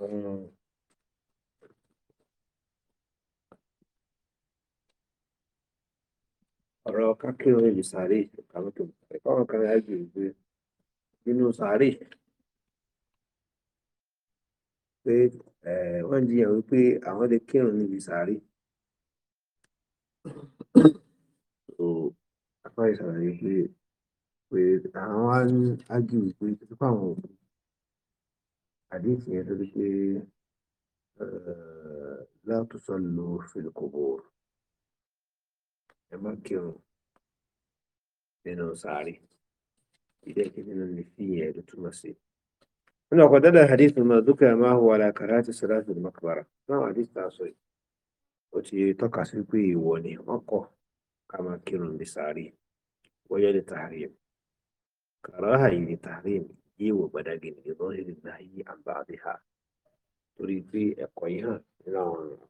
Um, ọ̀rọ̀ kákìrò ìlú sàárè ìkàwé tó ẹ̀kọ́ kan láàyè nínú sàárè pé wọ́n jiyàn wípé àwọn lè kírun níbi sàárè àwọn ní àdéhùn yẹn tó di pé látúnṣe lo filikobor ẹ má kírun nínú sáré ìdí ẹ̀kẹ́ nínú ní fi yẹn ló túmọ̀ sí. nínú ọkọ̀ dáadáa hadith mọ̀ dúkìá máa hùwà làkàrà àti sàlátì makbara náà hadith tá a sọ yìí ó ti tọ́ka sí pé ìwọ ni wọ́n kọ̀ ká máa kírun ní sáré wọ́n yẹ́ ní tàárín kàrá àyè ní tàárín وبلاغ لظاهر النهي عن بعضها تريد في إقوائها إلى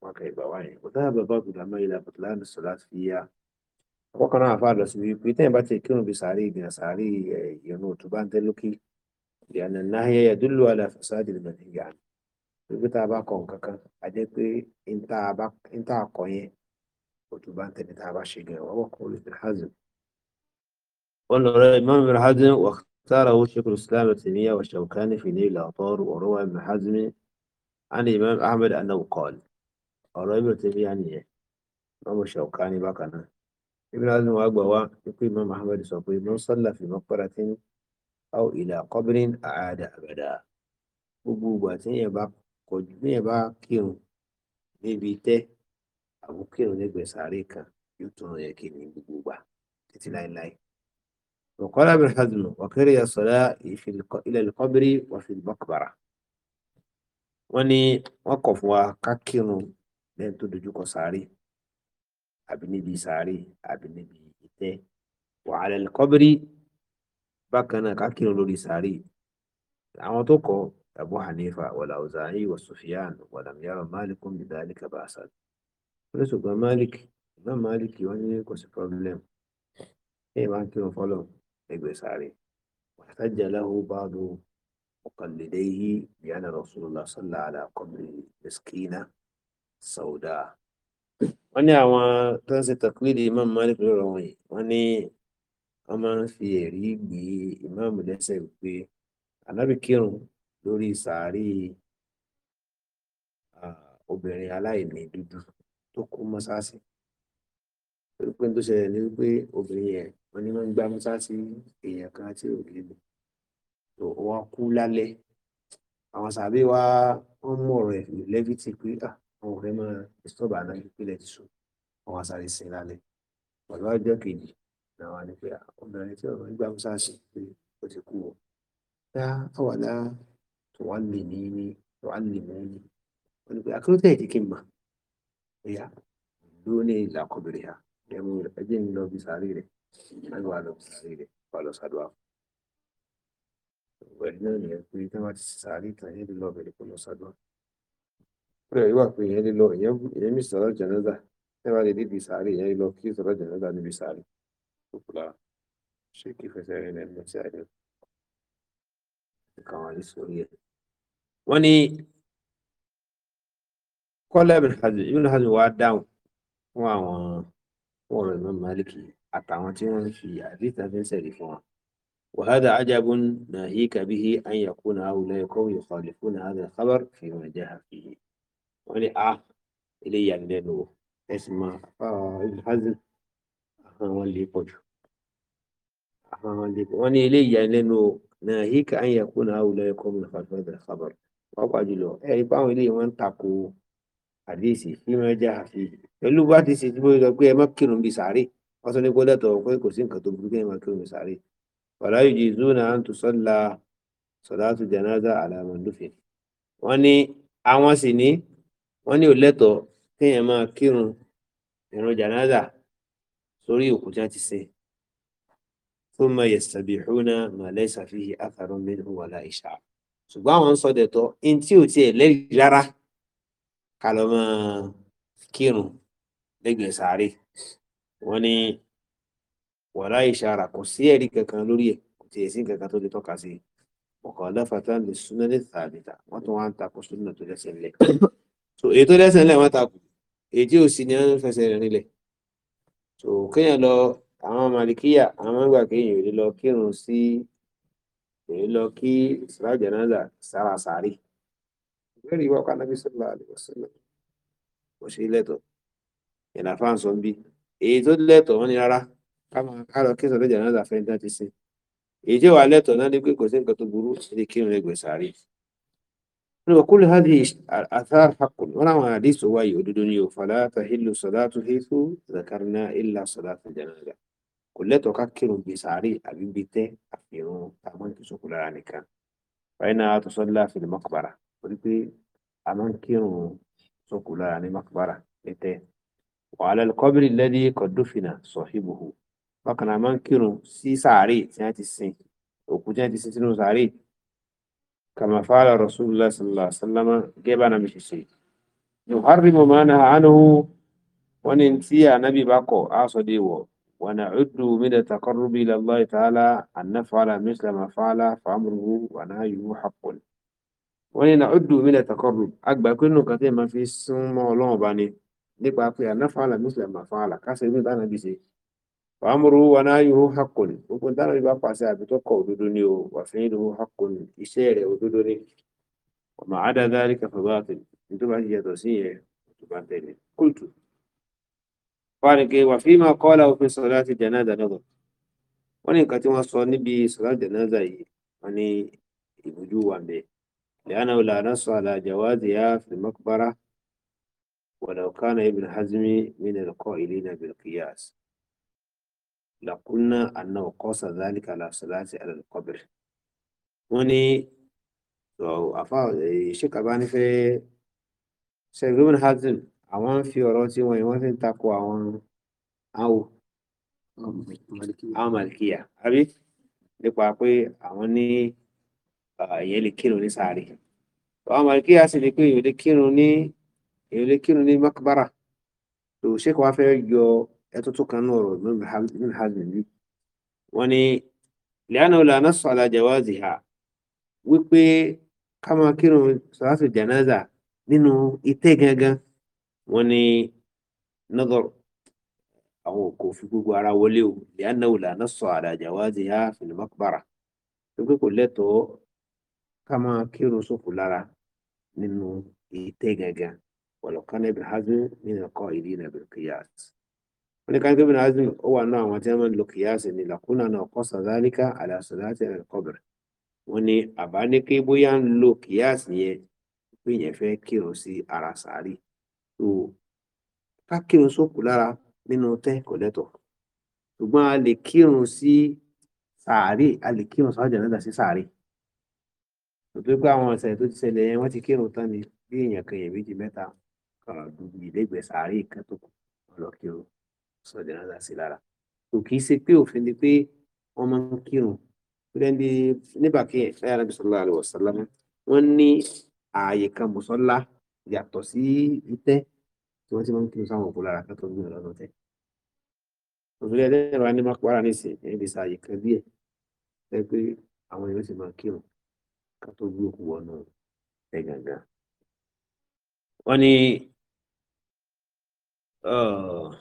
واقع بواعي وذهب بعض العلماء إلى بطلان الصلاة فيها وكان أفعال رسول بريتين باتي يكون بساري من أسعري آه، ينور تبان تلوكي لأن النهي يدل على فساد المنهي عنه بيتا tá a bá انتا nǹkan انتا a وتبان تنتا n tá a kọ yẹn òtún bá ń tẹ̀lé tá a اختاره شيخ الإسلام ابن تيمية والشوكاني في نيل الأوطار وروى ابن حزم عن الإمام أحمد أنه قال ọ̀rọ̀ ibùdó tẹ̀lé yá nìyẹn wọ́n mọ̀ Ṣawkani bákan náà Ibn Hazm wa gbà wá ikú Imam Ahmad sọ pé man salla fi maqbaratin aw ila qabrin a'ada abada gbogbo ìgbà tí yẹn bá kọjú bí yẹn bá kírun níbi tẹ́ àbúkírun nígbẹ̀ẹ́ sàárè kan yóò tún yẹ kí ni gbogbo ìgbà títí láéláé. وقال ابن حزم وكره الصلاة في إلى القبر وفي المقبرة وني وقف وككن لن تدجوك ساري أبني بي ساري أبني بي إتي وعلى القبر بكنا ككن لوري ساري عوضوكو أبو حنيفة والأوزاعي والسفيان ولم يرى مالك بذلك بأسا فلسوا مالك ما مالك يوني كوسي بروبليم إيه ما كيلو فولو lẹ́gbẹ̀ẹ́ sáré واحتج له بعض مقلديه بأن رسول الله صلى على قبر مسكينة سوداء wọ́n ní àwọn tó ń ṣe tàkìlìdì imam malik lọ́rọ̀ wọn yìí wọ́n ní wọ́n máa ń fi ẹ̀rí gbé imam lẹ́sẹ̀ pé anábì kírun lórí sàárì obìnrin aláìní dúdú tó kú mọ́sáàsì torí pé tó ṣẹlẹ̀ ní wípé obìnrin yẹn wọn ní wọn ń gbá musa èèyàn kan tí ò lè mọ tó wọn kú lálẹ́ àwọn sàbí wa wọn mú ọ̀rọ̀ ẹfì lẹfìtì pé àwọn ọ̀rẹ́ máa ìsọba náà ìpínlẹ̀ ti sùn àwọn sáré sin lálẹ́ pẹ̀lú ọjọ́ kejì àwọn àni pé obìnrin tí ọ̀rọ̀ gbá musa sí pé ó ti kú o dá àwàdà tó wà lè ní ní tó wà lè mú ní wọn ni pé akéròtẹ ìdí kí n mà ó yá lóní ìlà kọbìrì ha ẹmu ẹjẹ ń lọ bí sàárè rẹ láti wá lọ sí ilé wá lọ ṣàdúrà fún ẹni náà nìyẹn pé tí wọn ti sàárè tán yẹn lè lọ bẹ̀rẹ̀ kó lọ ṣàdúrà fún ẹ̀rí wà pé yẹn lè lọ ìyẹn mi sọ̀rọ̀ jẹnẹza ẹ wá lè débi sàárè yẹn lọ kí sọ̀rọ̀ jẹnẹza níbi sàárè tó kù lára ṣé kí fẹsẹ̀ rẹ lẹ́nu tí a lè kàn wá ní sórí ẹ̀. wọ́n ní kọ́lá ibùdó hajj wa dáhùn fún àwọn fún ọ̀rọ̀ ìmọ̀ málìkì yìí àtàwọn tí wọ́n ń fi àdìsí afẹ́sẹ̀ rí fún wa. وهذا عجب ناهيك به أن يكون هؤلاء قوم يخالفون هذا الخبر فيما جاء فيه. wọ́n ní a ah, ilé ìyàlẹ́ lẹ́nu wò ẹ̀sìn máa ah, Ibn Hazm ahọ́n wọn lè pọ̀ jù. ahọ́n wọn lè pọ̀ wọ́n ní ilé ìyàlẹ́ lẹ́nu wò ناهيك أن يكون هؤلاء قوم يخالفون هذا الخبر. wọ́n pàjù lọ ẹ̀rí pàwọn ilé wọn ń takò àdìsí fíìmọ̀ ẹja àfihàn pẹ̀lú bá ti ṣe tí mo sọ pé ẹ má kírun bíi sàárè wọ́n tún ní kó lẹ́tọ̀ọ́ pé kò sí nǹkan tó burú kéèyàn máa kí omi sáré wàlá yìí zú na ń tún sọ́la sọ̀dáàtù janaza àlàmọ̀lúfin wọ́n ní àwọn sì ní wọ́n ní ò lẹ́tọ̀ọ́ kéèyàn máa kírun ìrun janaza sórí òkú tí wọ́n ti ṣe fún ma yastabihuna ma laysa fihi atharun minhu wala isha'ar ṣùgbọ́n àwọn ń sọ dẹ̀tọ́ in tí ò tiẹ̀ lẹ́rìí rárá kà kírun lẹ́gbẹ̀ẹ́ sáré wọ́n ní wàlá ìṣàrà kò sí ẹ̀rí kankan lórí ẹ̀ kò tiẹ̀ sí kankan tó lè tọ́ka sí ọkọ̀ ọlọ́fàtà lè súná lè tàbíta wọ́n tún wá ń takò súnà tó lẹ́sẹ̀ ńlẹ̀ so èyí tó lẹ́sẹ̀ ńlẹ̀ wọ́n takò èyí tí ò sí ni wọ́n fẹsẹ̀ rẹ̀ nílẹ̀ so kéèyàn lọ àwọn màlìkíyà àwọn àgbà kéèyàn èyí lọ kírun sí èyí lọ kí ìsìlájà náà là sára sáré ìbéèrè ìwà ọkọ èyí tó lẹ́tọ̀ọ́ wọn ni rárá ká lọ kí sọ̀rọ̀ jàǹdà fẹ́ntà ti sìn èyí tí wà lẹ́tọ̀ọ́ náà ni pé kò sí nǹkan tó burú ní kírun lẹ́gbẹ̀ẹ́ sàárè nínú kúlù hádì àtàr hakùn wọn làwọn àdìsọ wáyé òdodo ni ò fàlà tàhílù sọdátù hífù zakarna ilà sọdátù jàǹdà kò lẹ́tọ̀ọ́ ká kírun gbé sàárè àbí gbé tẹ́ àfihàn àwọn ìtòsókò lára nìkan fàyínà àtúnṣọlá fìlì mọ́kàbára torí pé a kírun sókò lára ní mọ́kàbára ní tẹ́ wàhálà kọ́bìrì lẹ́dí kọ̀dúfìnà sọ̀híbùhù bákan náà máa ń kírun sí sàárè tí wọ́n ti sin òkú tí wọ́n ti sin sínú sàárè kàmá fàálà rasulullah sallallahu alaihi wa sallam gẹ́bà náà mi ṣe ṣe yuharrimu ma naha anhu wọ́n ní tí ànábì bá kọ̀ á sọ dé wọ̀ wọ́n na cudu mina taqarrubi ila Allah ta'ala an misla ma fa'ala fa'amruhu wa nahyuhu haqqun wọ́n ní na cudu mina taqarrub àgbà pé nù kàtẹ́ máa fi sún mọ́ ọlọ́run bá ní nípa pé anáfààlà muslim àfààlà kásẹ̀ ní ìdáná bí ṣe fàámùrú wọn ayòhó hakùn gbogbo ìdáná bí bá pàṣẹ àbí tó kọ òdodo ni o wà fún ìdòwò hakùn iṣẹ́ rẹ̀ òdodo ni ọmọ àdáadáa kẹfà bá tẹ nítorí bá ti yàtọ̀ sí yẹn tó bá tẹ̀lé kóòtù. fáànìkè wà fí máa kọ́ ọ́lá òfin sọ̀rọ̀ láti jẹ̀ náà dáná lọ wọ́n ní nǹkan tí wọ́n sọ níbi sọ̀rọ̀ jẹ̀ náà dà yìí wọ́n ní ìbójú wà ń lẹ́yìn náà ولو كان ابن حزم من القائلين بالقياس لقلنا أنه قاس ذلك على الصلاة على القبر وني أفا شيخ أباني في شيخ ابن حزم àwọn fi ọ̀rọ̀ tí wọ́n yìí wọ́n fi ń takò àwọn àwò àwọn malikiya àbí nípa pé àwọn ní ìyẹn lè kírun ní sáré àwọn malikiya sì ní pé ìyẹn lè kírun ní èyí lè kírun ní makbara tó ṣé kò wá fẹ́ yọ ẹtútù kan náà rọ̀ min hazmin yìí wọ́n ní lẹ́yìn ọ̀la náà sọ ala jawaziha wípé ká máa kírun salatu janaza nínú ìtẹ́ gangan wọ́n ní nadhar àwọn kò fi gbogbo ara wọlé o lẹ́yìn ọ̀la náà sọ ala jawaziha fil makbara wípé kò lẹ́tọ̀ọ́ ká máa kírun sókù lára nínú ìtẹ́ gangan. ولو كان ابن حزم من القائلين بالقياس wọ́n ní ká ní kébìnrin azim ó wà náà àwọn tí wọ́n máa ń lo kìyàsí ní làkúnà náà kọ́ sàdáníkà aláṣọláṣí ẹ̀kọ́bẹ̀rẹ̀ wọ́n ní àbá ní kí bóyá ń lo kìyàsí yẹn pé yẹn fẹ́ kírun sí ara sàárì tó ká kírun sókù lára nínú tẹ́ kò lẹ́tọ̀ ṣùgbọ́n a lè kírun sí sàárì a lè kírun sọ́jà náà sí sàárì tó pé àwọn ọ̀sẹ̀ tó ti ṣẹlẹ̀ yẹn wọ́n ti kírun tán ni bí èèyàn kan èèyàn méjì mẹ́ta dúdú ìlẹ́gbẹ̀ẹ́ sàárè kan tó kù lọ kírun sọ̀dẹ̀ náà sí lára kò kì í ṣe pé òfin ni pé wọ́n máa ń kírun lẹ́ni nígbà kí ẹ̀fẹ́ arábì sallallahu alaihi wasallam wọ́n ní ààyè kan mùsọ́lá yàtọ̀ sí ìtẹ́ tí wọ́n ti máa ń kírun sáwọn òkú lára kátó gbé ọ̀rọ̀ tẹ́ òfin ẹlẹ́rọ anímọ̀pára nísìn ẹ̀ẹ́dì sààyè máa kírun kátó gbé آه.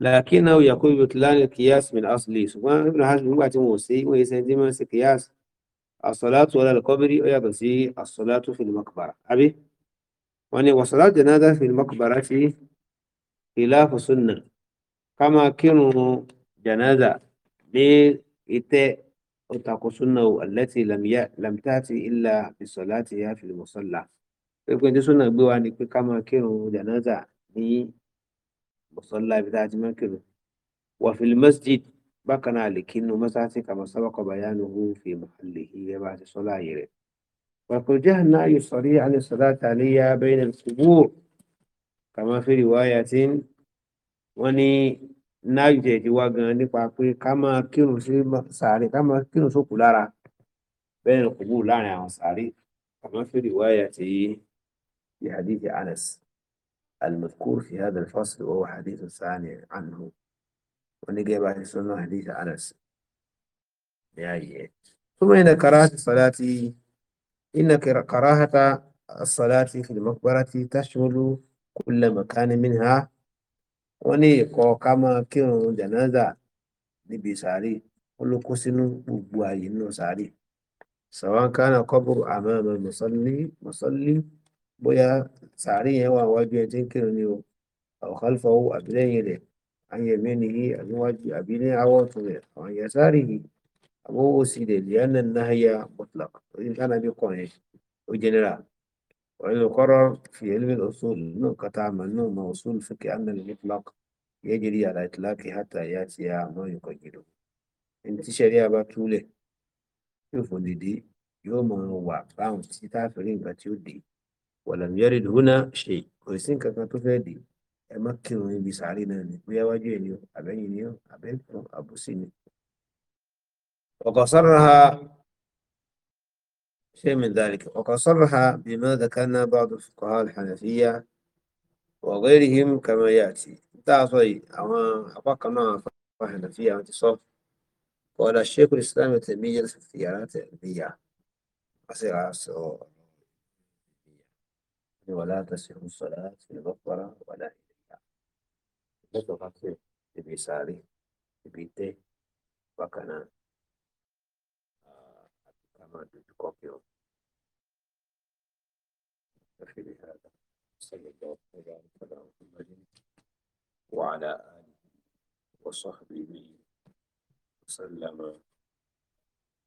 لكنه يقول بطلان القياس من أصله سبحان ابن حزم وقت موسي ويسندم قياس الصلاة ولا القبر ويقصي الصلاة في المقبرة أبي واني وصلاة جنازة في المقبرة في خلاف سنة كما كانوا جنازة ní وتاق سنة التي لم ي... لم تأتي إلا بصلاتها في المصلى. يمكن طيب، دي سنة بيوا نكبي يعني كما كيرو جنازة ني مصلى بتاعتي ما كيرو. وفي المسجد بقنا لكنو مساتي كما سبق بيانه في محله يبعث صلاة يري. وقل جهنا يصري عن الصلاة عليا بين القبور كما في رواية وني náàjù ẹ̀dí wá gan nípa pé ká máa kírun sí sàárè ká máa kírun sókù lára bẹ́ẹ̀ kò wù láàrin àwọn sàárè kàmá fi rìwáyà tí في حديث أنس المذكور في هذا الفصل وهو حديث ثاني عنه ونجي بعد سنة حديث أنس يعني ثم إن كراهة الصلاة إن كراهة الصلاة في المقبرة تشمل كل مكان منها wọ́n ní ìkọ̀ ká máa kírun jẹ̀nàzà níbi sàárè ó ló kó sínú gbogbo ààyè nínú sàárè sàwọn kánà kọ́bùrù àmọ́ àmọ́ bóyá sàárè yẹn wà wájú ẹ tí ń kírun ni o àwòkálùfọ́wọ́ àbílẹ́yìn rẹ̀ àyẹ̀mí nìyí àbíwájú àbí ní awọ́ tún rẹ̀ àwọn yẹn sáré yìí àbówó sí rẹ̀ lẹ́yìn náà náà yá bọ́tùlà orí kánà bí kọ̀ ó jẹ́nẹ́rà ويقرر في علم الأصول أنه قطع منهم أصول الفقه أن المطلق يجري على إطلاقه حتى يأتي ما يقيده ẹni tí sẹ́ríà bá túlẹ̀ yóò fòdì dé yóò mọ̀ ọ́n wà báwọn tí tá a fẹ́rẹ́ nǹkan tí ó dé wọ̀làm yẹ́rì lónà ṣe kò sí nǹkan kan tó fẹ́ dé ẹ má kírun ibi sàárè náà ni bóyá wájú ẹ̀ ni o àbẹ́yìn ni o àbẹ́kùn àbòsí ni. ọ̀kọ̀ sára شيء من ذلك وقد صرح بما ذكرنا بعض الفقهاء الحنفية وغيرهم كما يأتي تعطي أما أبقى ما فقه الحنفية انتصاف ولا الشيخ الإسلام التنمية في الثيارات العلمية أصير ولا تصح الصلاة في المقبرة ولا إليها نتوقع في بيساري بيتي وكنا الأعمال للكوبيون نكتفي بهذا صلى الله وبارك على محمد وعلى آله وصحبه وسلم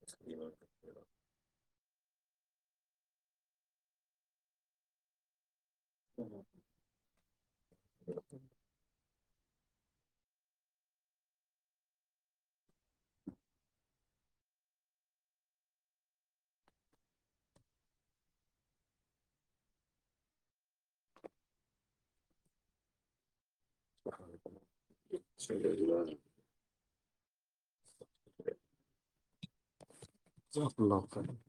تسليما كثيرا So, laufen.